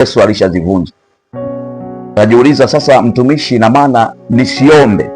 Yesu alishazivunja. Najiuliza sasa, mtumishi, na maana nisiombe?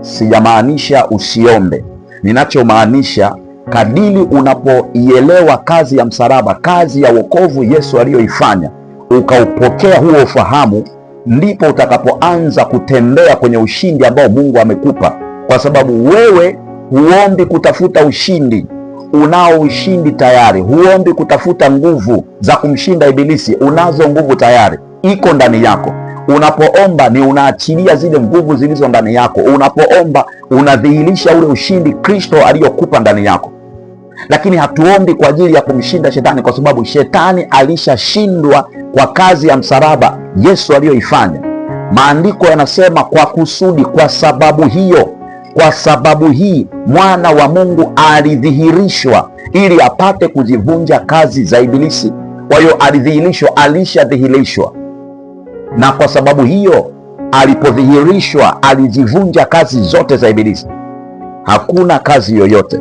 Sijamaanisha usiombe, ninachomaanisha kadiri unapoielewa kazi ya msalaba, kazi ya wokovu Yesu aliyoifanya, ukaupokea huo ufahamu, ndipo utakapoanza kutembea kwenye ushindi ambao Mungu amekupa, kwa sababu wewe huombi kutafuta ushindi unao ushindi tayari. Huombi kutafuta nguvu za kumshinda Ibilisi, unazo nguvu tayari, iko ndani yako. Unapoomba ni unaachilia zile nguvu zilizo ndani yako. Unapoomba unadhihirisha ule ushindi Kristo aliyokupa ndani yako. Lakini hatuombi kwa ajili ya kumshinda shetani, kwa sababu shetani alishashindwa kwa kazi ya msalaba Yesu aliyoifanya. Maandiko yanasema kwa kusudi, kwa sababu hiyo kwa sababu hii mwana wa Mungu alidhihirishwa ili apate kuzivunja kazi za Ibilisi. Kwa hiyo alidhihirishwa, alishadhihirishwa, na kwa sababu hiyo alipodhihirishwa alizivunja kazi zote za Ibilisi. Hakuna kazi yoyote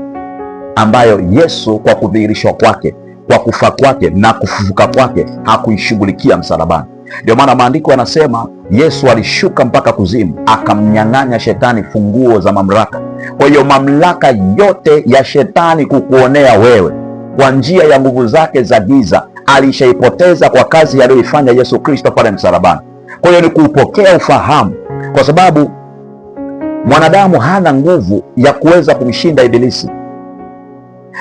ambayo Yesu kwa kudhihirishwa kwake, kwa kufa kwake na kufufuka kwake hakuishughulikia msalabani. Ndio maana maandiko yanasema Yesu alishuka mpaka kuzimu, akamnyang'anya shetani funguo za mamlaka. Kwa hiyo mamlaka yote ya shetani kukuonea wewe kwa njia ya nguvu zake za giza alishaipoteza kwa kazi aliyoifanya Yesu Kristo pale msalabani. Kwa hiyo ni kuupokea ufahamu, kwa sababu mwanadamu hana nguvu ya kuweza kumshinda Ibilisi,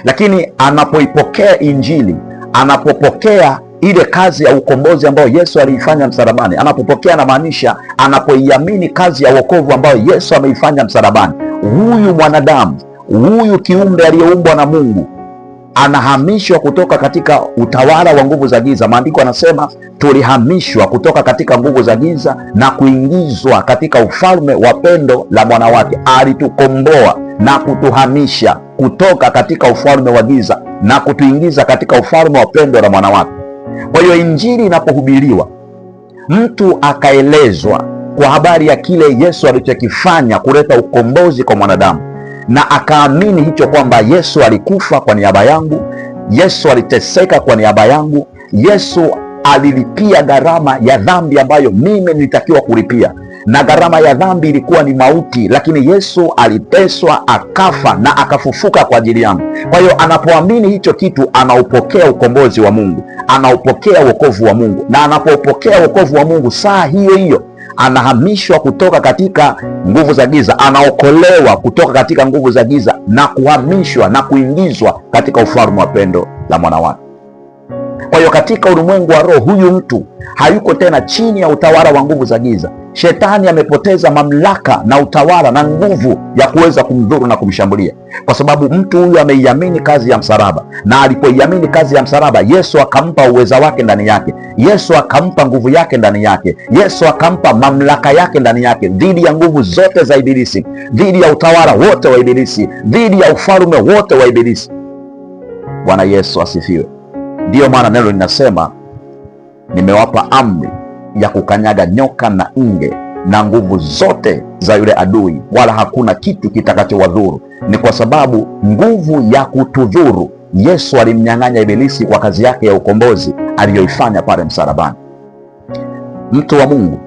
lakini anapoipokea Injili, anapopokea ile kazi ya ukombozi ambayo Yesu aliifanya msalabani. Anapopokea anamaanisha anapoiamini kazi ya wokovu ambayo Yesu ameifanya msalabani. Huyu mwanadamu, huyu kiumbe aliyeumbwa na Mungu anahamishwa kutoka katika utawala wa nguvu za giza. Maandiko anasema tulihamishwa kutoka katika nguvu za giza na kuingizwa katika ufalme wa pendo la mwana wake. Alitukomboa na kutuhamisha kutoka katika ufalme wa giza na kutuingiza katika ufalme wa pendo la mwana wake. Kwa hiyo injili inapohubiriwa, mtu akaelezwa kwa habari ya kile Yesu alichokifanya kuleta ukombozi kwa mwanadamu, na akaamini hicho kwamba Yesu alikufa kwa niaba yangu, Yesu aliteseka kwa niaba yangu, Yesu alilipia gharama ya dhambi ambayo mimi nilitakiwa kulipia na gharama ya dhambi ilikuwa ni mauti, lakini Yesu aliteswa akafa na akafufuka kwa ajili yangu. Kwa hiyo anapoamini hicho kitu, anaupokea ukombozi wa Mungu, anaupokea wokovu wa Mungu, na anapopokea wokovu wa Mungu saa hiyo hiyo anahamishwa kutoka katika nguvu za giza, anaokolewa kutoka katika nguvu za giza na kuhamishwa na kuingizwa katika ufalme wa pendo la mwana wake. Kwa hiyo katika ulimwengu wa roho, huyu mtu hayuko tena chini ya utawala wa nguvu za giza. Shetani amepoteza mamlaka na utawala na nguvu ya kuweza kumdhuru na kumshambulia, kwa sababu mtu huyu ameiamini kazi ya msalaba, na alipoiamini kazi ya msalaba, Yesu akampa uweza wake ndani yake, Yesu akampa nguvu yake ndani yake, Yesu akampa mamlaka yake ndani yake, dhidi ya nguvu zote za Ibilisi, dhidi ya utawala wote wa Ibilisi, dhidi ya ufalme wote wa Ibilisi. Bwana Yesu asifiwe. Ndiyo maana neno linasema nimewapa amri ya kukanyaga nyoka na nge na nguvu zote za yule adui, wala hakuna kitu kitakachowadhuru. Ni kwa sababu nguvu ya kutudhuru Yesu alimnyang'anya Ibilisi kwa kazi yake ya ukombozi aliyoifanya pale msalabani. Mtu wa Mungu,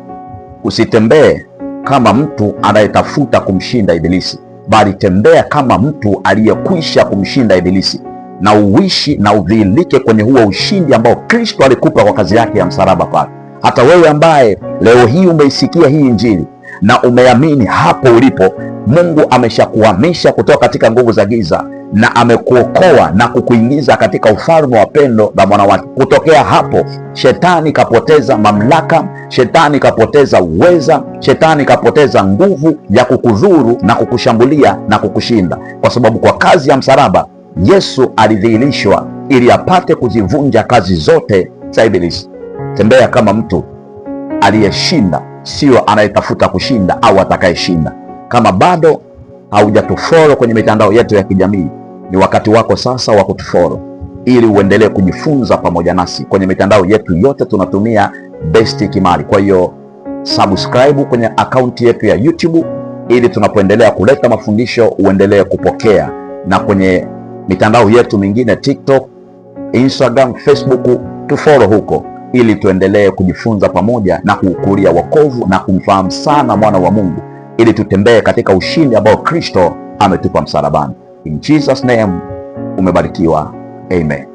usitembee kama mtu anayetafuta kumshinda Ibilisi, bali tembea kama mtu aliyekwisha kumshinda Ibilisi, na uishi na udhihirike kwenye huo ushindi ambao Kristo alikupa kwa kazi yake ya msalaba pale. Hata wewe ambaye leo hii umeisikia hii Injili na umeamini hapo ulipo, Mungu ameshakuhamisha kutoka katika nguvu za giza na amekuokoa na kukuingiza katika ufalme wa pendo la mwana wake. Kutokea hapo, shetani kapoteza mamlaka, shetani kapoteza uweza, shetani kapoteza nguvu ya kukudhuru na kukushambulia na kukushinda, kwa sababu kwa kazi ya msalaba Yesu alidhihirishwa ili apate kuzivunja kazi zote za Ibilisi. Tembea kama mtu aliyeshinda, sio anayetafuta kushinda au atakayeshinda. Kama bado haujatuforo kwenye mitandao yetu ya kijamii, ni wakati wako sasa wa kutuforo ili uendelee kujifunza pamoja nasi kwenye mitandao yetu yote. Tunatumia Best Kimali, kwa hiyo subscribe kwenye akaunti yetu ya YouTube ili tunapoendelea kuleta mafundisho uendelee kupokea, na kwenye mitandao yetu mingine TikTok, Instagram, Facebook, tufollow huko ili tuendelee kujifunza pamoja na kuukulia wokovu na kumfahamu sana mwana wa Mungu ili tutembee katika ushindi ambao Kristo ametupa msalabani. In Jesus name, umebarikiwa. Amen.